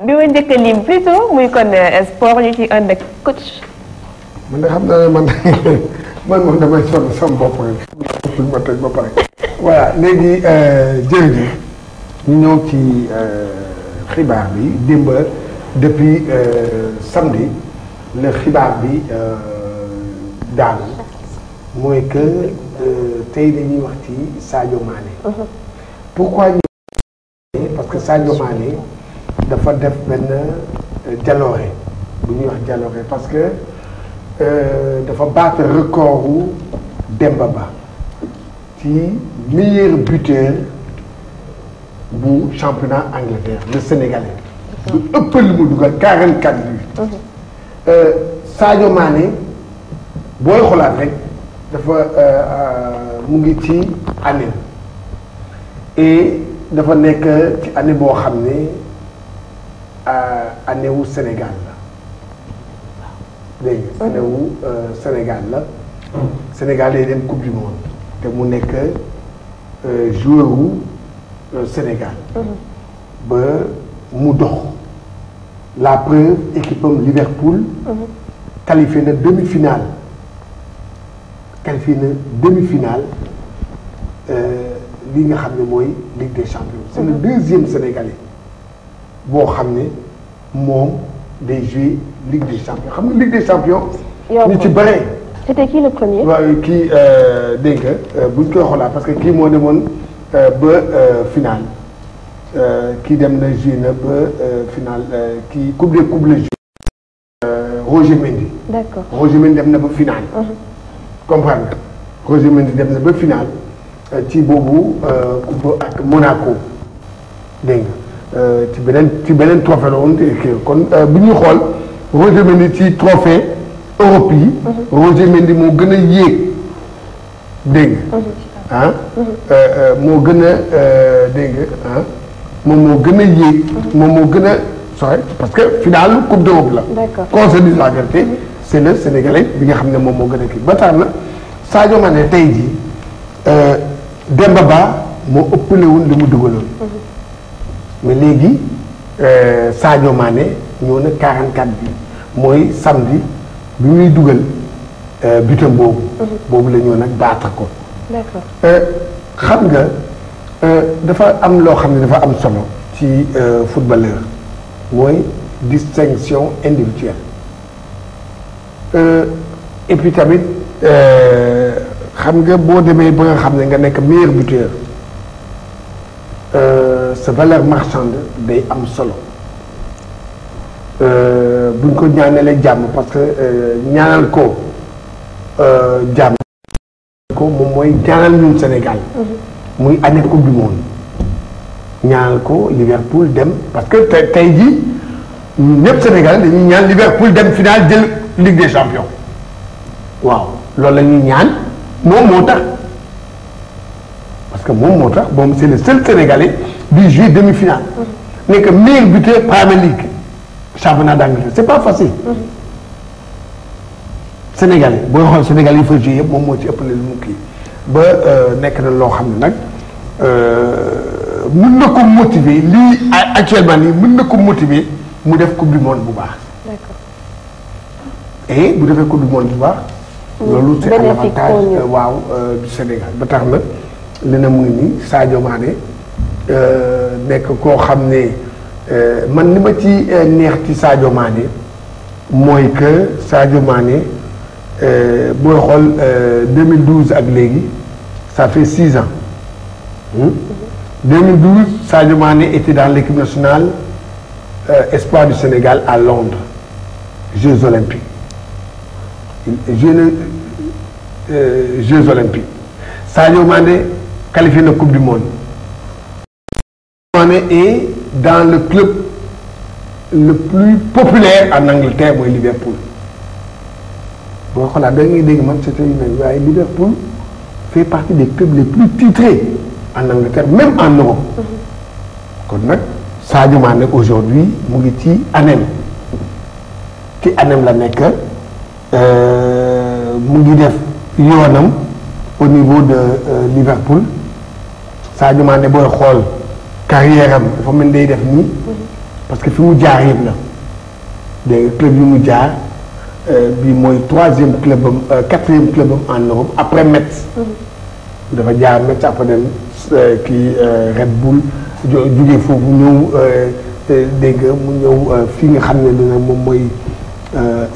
bi ma njëkk a lim plutôt muy kon euh, sport ñu ci ànd ak coach. man de xam naa ne man man moom damay sonn sama bopp rek. xam euh, euh, xibaar bi démb depuis samedi le xibaar bi daanu mooy que tey dañuy wax ci Sadio mhm. pourquoi ñu. parce que Sadio Mané. dafa def benn euh, jaloore bu ñuy wax jaloore parce que euh, dafa battre record wu Demba Ba ci meilleur buteur bu championnat Angleterre le Sénégalais. du ëpp lu mu dugal 44 buts. Euh, Sadio Mané booy xoolaat rek dafa mu ngi ci année et dafa nekk ci année boo xam ne. année wu Sénégal la dégg nga euh, la Sénégal day dem coupe du monde te mu nekk euh, joueur wu euh, Sénégal ba mu dox la preuve équipe am Liverpool qualifié na demi-finale qualifié na demi-finale li nga xam ne mooy Ligue des champions c'est le deuxième Sénégalais boo xam ne moom day jouer Ligue des champions xam nga Ligue des champions. ñu ci bëree. c'était qui le premier. waaw kii euh, dégg nga euh, buñ koy xoolaat parce que kii moo demoon euh, ba final kii dem na jouer na ba final kii coupe de Roger Mendy. d'accord Roger Mendy dem na ba final. Uh-huh. comprendre dem na ba final Monaco dégg ci beneen ci beneen trophée la kon euh, bu ñuy xool Roger Mendy ci trophée Europe yi. Mhm. Roger Mendy moo gën a yéeg dégg mhm. Ah? Mhm. Euh, euh, moo gën a dégg ah moom moo gën a yéeg. moom moo gën a sore parce que final coupe d'Europe la. d'accord qu'on se dise la vérité c'est le sénégalais bi nga xam ne moom moo gën a kii ba tax na Sadio Mané tey jii Demba Ba moo ëppale woon li mu dugaloon. mais léegi euh, Sadio Mané ñëw na 44 bi mooy samedi bi muy dugal euh, butam boobu. Mhm. boobu la nag baata ko. Euh, xam nga dafa am loo xam ne dafa am solo ci footballeur mooy distinction individuelle et puis tamit xam nga boo demee ba nga xam ne nga nekk meilleur buteur. sa valeur marchande day am solo euh, buñ ko ñaanalee jàmm parce que euh, ñaanal ko euh, jàmm ko moom mooy ñaanal ñun Sénégal mm-hmm. muy année coupe du monde ñaanal ko Liverpool dem parce que tey ji jii ñëpp Sénégal dañuy ñaan Liverpool dem final jël Ligue des champions waaw loolu lañuy ñuy ñaan moom moo tax parce que moom moo tax moom c'est le seul du jeu demi-finale mm. nekk meilleur buteur Premier League championnat d'Angleterre c'est pas facile. Mm. Sénégal yi booy xool Sénégal yi fa joué yëpp moom moo ci ëppale lu mu kii ba euh, nekk na loo xam ne nag euh, mën na ko motiver lii actuellement nii mën na ko motiver mu def coupe du monde bu baax. d'accord et bu defee coupe du monde bu baax. Mm. loolu c'est un avantage euh, waaw du Sénégal ba tax na leneen mu ngi nii Sadio Mané. Euh, nekk koo xam ne euh, man li ma ci euh, neex ci Sadio Mané mooy que Sadio Mané booy xool 2012 ak léegi ça fait six ans. 2012 hmm? Sadio Mané était dans l'équipe nationale espoir du Sénégal à Londres Jeux Olympiques Jeux Jeux Olympiques Sadio Mané na coupe du monde. Sané est dans le club le plus populaire en Angleterre mooy Liverpool boo xoolaat da ngay dégg Manchester United waaye Liverpool fait partie des clubs les plus titrés en Angleterre même en Europe mm-hmm. kon nag Sadio Mané aujourd'hui mu ngi ci ANEM ci ANEM la nekk euh, mu ngi def yoonam au niveau de euh, Liverpool Sadio Mané booy xool. carrière am dafa mel day def nii parce que fi mu jaar yëpp la des club yu mu jaar euh, bii mooy troisième club am euh, quatrième club am en Europe après Metz dafa jaar Metz après dem euh, kii Red Bull jógee foofu ñëw dégg nga mu ñëw fi nga xam ne dina moom mooy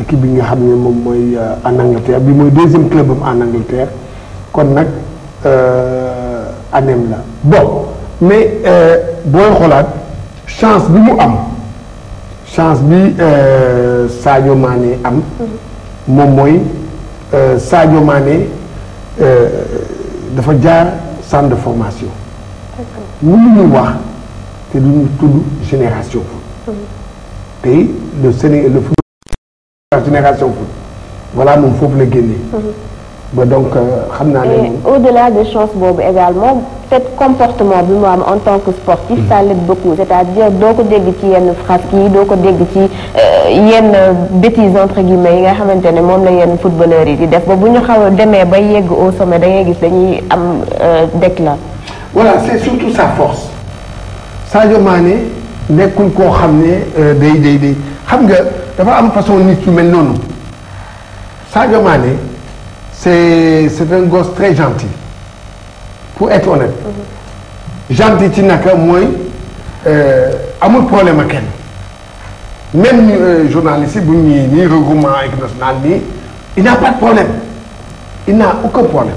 équipe bi nga xam ne moom mooy en Angleterre bi mooy deuxième club am en Angleterre kon nag anem la mais euh, boo xoolaat chance bi mu am chance bi euh, Sadio Mané am moom mooy euh, Sadio Mané dafa jaar centre de formation mënuñu wax te duñu tudd génération foot tey le Sénégal le foot génération foot voilà moom foofu la génnee ba donc euh, xam naa ne. au-delà de chance boobu également cet comportement bi mu am en tant que sportif. ça l'aide beaucoup c'est-à-dire doo ko dégg ci yenn frasques doo ko dégg ci euh, yenn bêtises entre guillemets yi nga xamante ne moom la yenn footballeurs yi di def ba bu ñu xaw a demee ba yegg au sommet da ngay gis dañuy am euh, déclin. voilà c'est surtout sa force Sadio Mané nekkul koo xam ne day day day xam nga dafa am façon nit yu mel noonu Sadio Mané. c'est c'est un gosse très gentil pour être honnête. Mhm. gentil ci naka mooy euh, amul problème ak kenn même euh, journaliste bu ñuy nii regroupement équipe nationale nii n'a pas problème il n'a aucun problème.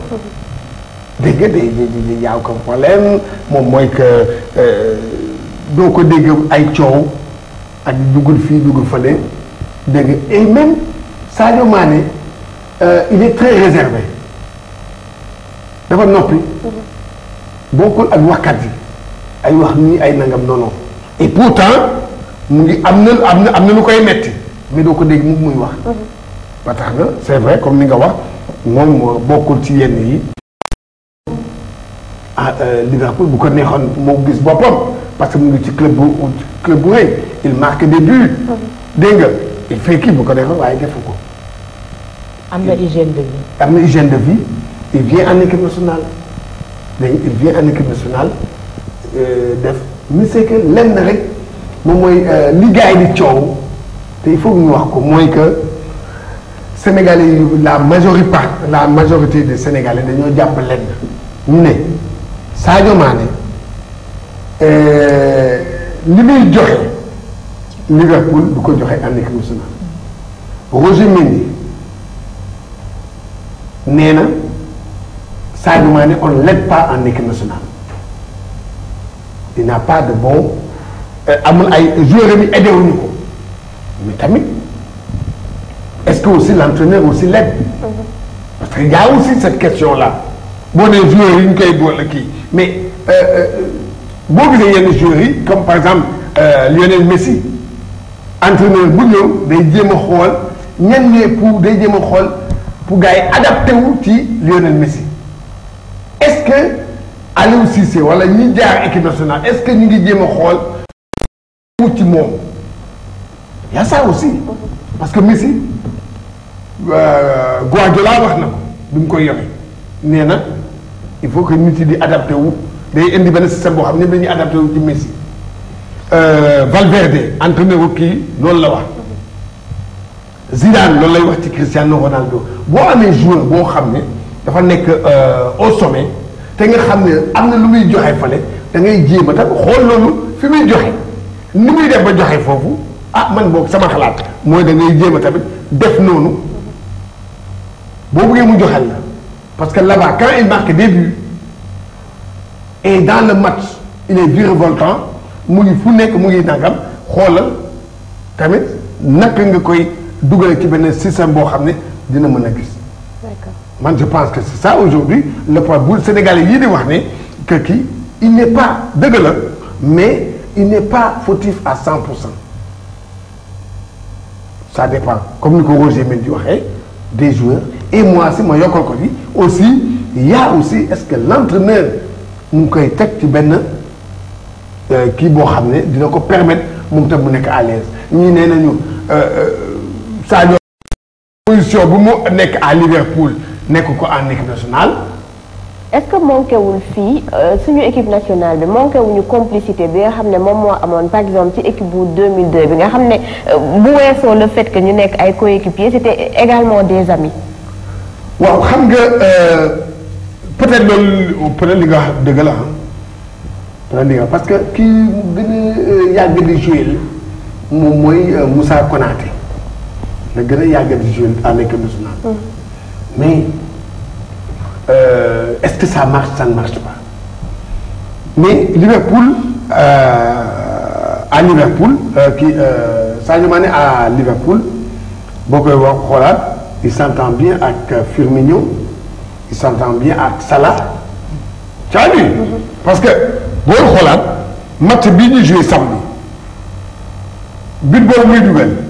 Mhm. dégg nga y'a aucun problème moom mooy que euh, doo ko dégg ay coow ak dugul fii dugul fële dégg et même Sadio Mané. Euh, il est très réservé dafa noppi bokkul ak waxkat yi ay wax nii ay nangam noonu et pourtant mu ngi am na am na am na lu koy metti mais doo ko dégg mu muy wax mhm. ba tax na c'est vrai comme ni nga wax moom bokkul ci yenn yi ah euh, Liverpool bu ko neexoon moo gis boppam parce que mu ngi ci club bu club bu rëy il marque des buts mhm. dégg nga il fait kii bu ko neexoon waaye defu ko am na hygiène de vie. am na hygiène de vie il vient en équipe nationale dañ il vient en équipe euh, def mais c'est que lenn rek moom mooy euh, li gars di coow te il faut ñu wax ko mooy que sénégalais yi la majorité la majorité sénégalais dañoo jàpp lenn ne Sadio Mané euh, li muy joxe Liverpool du ko joxe en équipe Roger Mendy. nee na Sadio Mané on ne l'aide pas en équipe nationale n'a pas de bon euh, amul ay joueurs yi aidé wuñu ko mais tamit est-ce que aussi l'entraîneur aussi l'aide parce que y a aussi cette question là boo nee joueurs yi ñu koy boole kii mais euh, euh, boo gisee yenn joueurs yi comme par exemple Lionel Messi entraîneur bu de day jéem a xool ñan ñooy pour day jéem a xool. pour gars yi adapté wu ci Lionel Messi est-ce que Aliou Cissé wala ñi jaar équipe nationale est-ce que ñu ngi jéem a xool pour ci moom y a ça aussi parce que Messi euh, Guardiola wax na ko bi mu koy yore nee na il faut que nit yi di adapté wu day indi benn système boo xam ne dañuy adapté wu ci Messi euh, Valverde entraîneur kii loolu la wax. Zidane loolu lay wax ci Cristiano Ronaldo boo amee jour boo xam ne dafa nekk euh, au sommet te nga xam ne am na lu muy joxe fale da ngay jéem a tam xool loolu fi muy joxe ni muy def ba joxe foofu ah man boog sama xalaat mooy da ngay jéem a tamit def noonu boo bëggee mu joxel la parce que là-bas quand il marque des buts et dans le match il est virevoltant mu ngi fu nekk mu ngi nangam xoolal tamit naka nga koy. dugal ci benn système boo xam ne dina mën a gis. d'accord man je pense que c'est ça aujourd'hui le point bu Sénégalais yii di wax ne que kii il n'est pas dëgg la mais il n'est pas fautif à 100 pour cent ça dépend comme ni ko Roger Mendy di waxee des joueurs et moi si ma yokkal ko li aussi il aussi est-ce que l'entraîneur mu ngi koy teg ci benn euh, kii boo xam ne dina ko permettre moom tam mu nekk à l'aise ñii nee nañu. Euh, euh, Sadio position bu mu nekk à Liverpool nekk ko en équipe nationale. est-ce que manqué wul fii euh, suñu équipe nationale bi manqué wuñu complicité bi nga xam ne moom moo amoon par exemple ci équipe bu 2002 bi nga xam ne euh, bu weesoo le fait que ñu nekk ay coéquipiers c'était également des amis. waaw xam nga euh, peut loolu peut-être dëgg la peut-être parce que ki mu yàgg di jouer moom mooy Moussa Konaté. la gën a yàgg di jouer à l'équipe nationale. Mm. mais euh, est-ce que ça marche Liverpool euh, Liverpool kii euh, euh, Sadio Mané à Liverpool boo koy wax xoolaat il s'entend bien ak Firmino il s'entend bien ak Salah. caa bi mm-hmm. parce que booy xoolaat match bii ñu joué samedi but boobu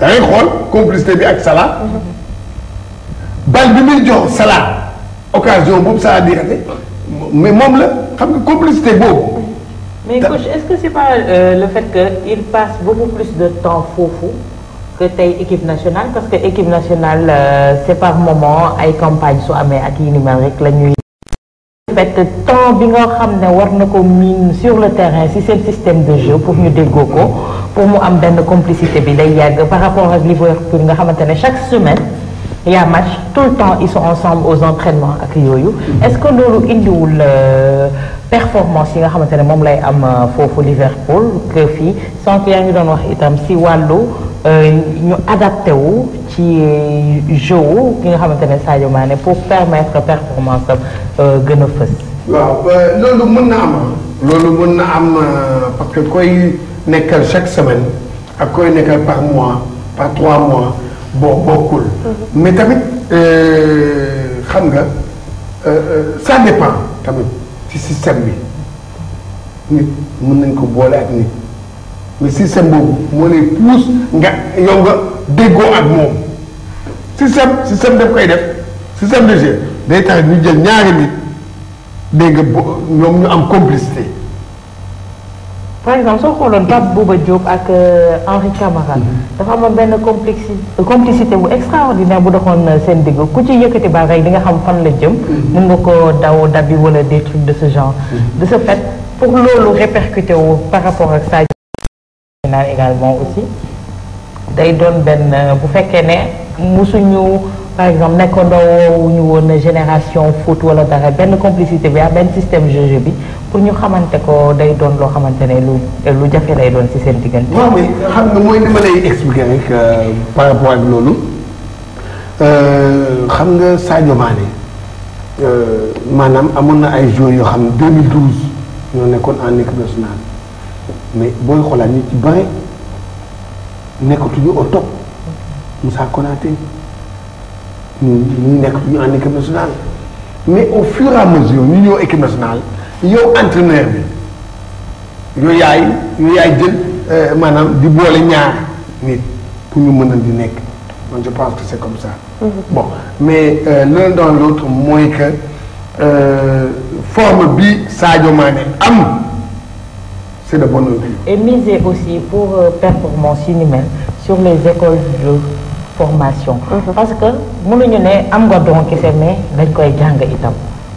da ngay xool complicité bi ak Salah. bal bi muy jox Salah occasion boobu Salah di rate mais moom la xam nga complicité boobu. mais coach est-ce euh, le fait que il passe beaucoup plus de temps foofu que tey équipe nationale parce que équipe nationale euh, c'est pa moment ay campagne su amee ak yi ni la ñuy. fait temps bi nga xam ne war na ko miin sur le terrain si seen système de jeu pour ñu déggoo ko pour mu am benn complicité bi day yàgg par rapport ak Liverpool nga xamante ne chaque semaine y a match tout le temps ils sont ensemble aux entraînements ak yooyu est-ce que loolu indiwul euh, performance yi nga xamante ne moom lay am euh, foofu Liverpool que fii sans que yaa ngi doon wax itam si wàllu Euh, ñu adapté wu ci jeu wu ki nga xamante ne Sadio Mané pour permettre performance am euh, gën a fës. waaw loolu mën na am loolu mën na am euh, parce que koy nekkal chaque semaine ak koy nekkal par mois par trois mois boo bokkul. Mhm. mais tamit xam nga ça dépend tamit ci système bi nit mën nañ ko boole ak nit. mais système boobu moo lay pousse nga yow nga déggoo ak moom système système daf koy def système de jeu day tax ñu jël ñaari nit dégg nga ñoom ñu am complicité. par exemple soo xooloon Pape Bouba Diop ak euh, Henri Camara mm-hmm. dafa a benn complicité complicité bu extraordinaire bu doxoon euh, seen digg ku ci yëkkati ba rek di nga xam fan la jëm. Mm-hmm. mun nga ko daw dabi wala des de ce genre. Mm-hmm. de ce fait pour loolu répercuté wu par rapport ak Sadio. naan également aussi day doon benn bu fekkee ne musuñu par exemple nekkandoo ñu woon génération foot wala dara benn complicité bi ak benn système jeu bi pour ñu xamante ko day doon loo xamante ne lu lu jafe lay doon ci seen diggante. waaw mais xam nga mooy li ma lay expliquer rek euh, par rapport loolu euh, xam nga Sadio Mané euh, maanaam amoon na ay joueurs yoo xam ne 2012 ñoo nekkoon en équipe nationale. mais booy xoolaat ñu ci bare nekkatuñu au top Moussa Konaté ñu ñu nekkatuñu en équipe nationale mais au fur et à mesure ñu ñëw équipe nationale yow entraîneur bi yow yaay yow yaay jël euh, maanaam di boole ñaar nit pour ñu mën a di nekk man je pense que comme ça. Mm-hmm. bon mais euh, l'un dans mooy que euh, forme bi Sadio Mané am. c'est de bon outil. Et aussi pour euh, performance yu ni mel sur les écoles de formation. Mm-hmm. parce que mënuñu ne am nga don kese mais dañ koy jàng itam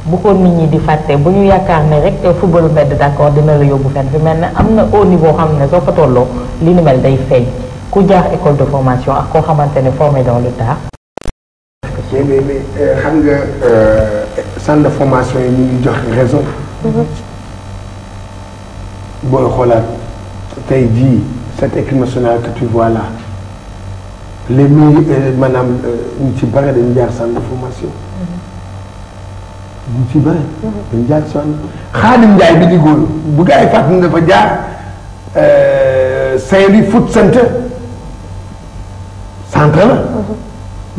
bu ko nit ñi di fàtte bu ñu yaakaar ne rek eh, football mbedd d'accord dina la yóbbu fenn fi mel ne am na au niveau xam ne soo fa tolloo li ni mel day feeñ ku jaar école de formation ak koo xamante ne formé dans le tard. mais mais euh, xam nga euh, centre de formation yi booy xoolaat tey jii cette équipe nationale que tu vois là les mille euh, maanaam euh, ñu ci bare dañu jaar centre de formation. Mm-hmm. ñu ci bare. Mm-hmm. dañu jaar centre Xaadim Njaay bi di góor bu gars yi fàttali jaar euh, Saint-Louis foot centre mm-hmm.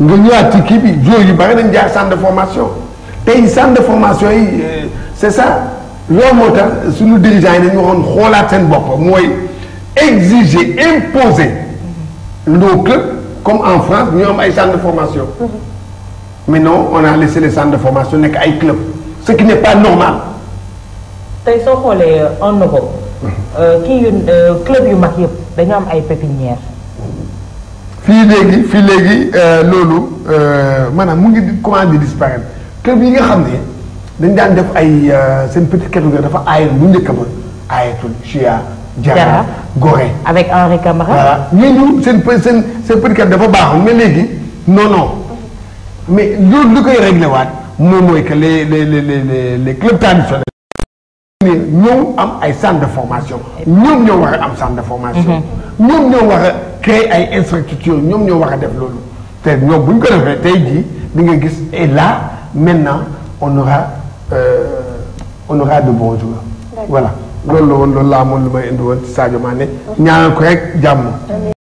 nga ñëwaat ci kii bi joueurs yu bare dañu jaar centre de formation tey centre de formation yi c'est ça. loolu moo tax suñu dirigeants yi dañu waxoon xoolaat seen bopp mooy exiger imposer nos clubs comme en France ñu am ay centres de formation mais non on a laissé les centres de formation nekk ay clubs ce qui n'est pas normal te soo xoolee euh, en Europe mhm. euh, kii yu euh, club yu mag yëpp dañu am ay pépinières fii léegi fii léegi loolu maanaam mu ngi commencé di disparaître club yi nga xam ne dañ daan def ay euh, seen petite catégorie dafa aayoon bu njëkk ba aayatul Chia. Diarra Gorée. avec Henri Camara. voilà ñooñu seen seen seen petite dafa baaxoon mais léegi non non mais lu koy réglé waat moom mooy que les les les les les clubs traditionnels. am ay centre de formation. ñoom ñoo war am centre de formation. Mhm. ñoom ñoo war créer ay infrastructures ñoom ñoo wax a def loolu. te ñoom bu ñu ko defee tey jii di nga gis et là maintenant on aura. Euh, on aura de bons jours. loolu la woon loolu laa amoon lu may indi woon Sadio Mané ñaanal ko rek jàmm.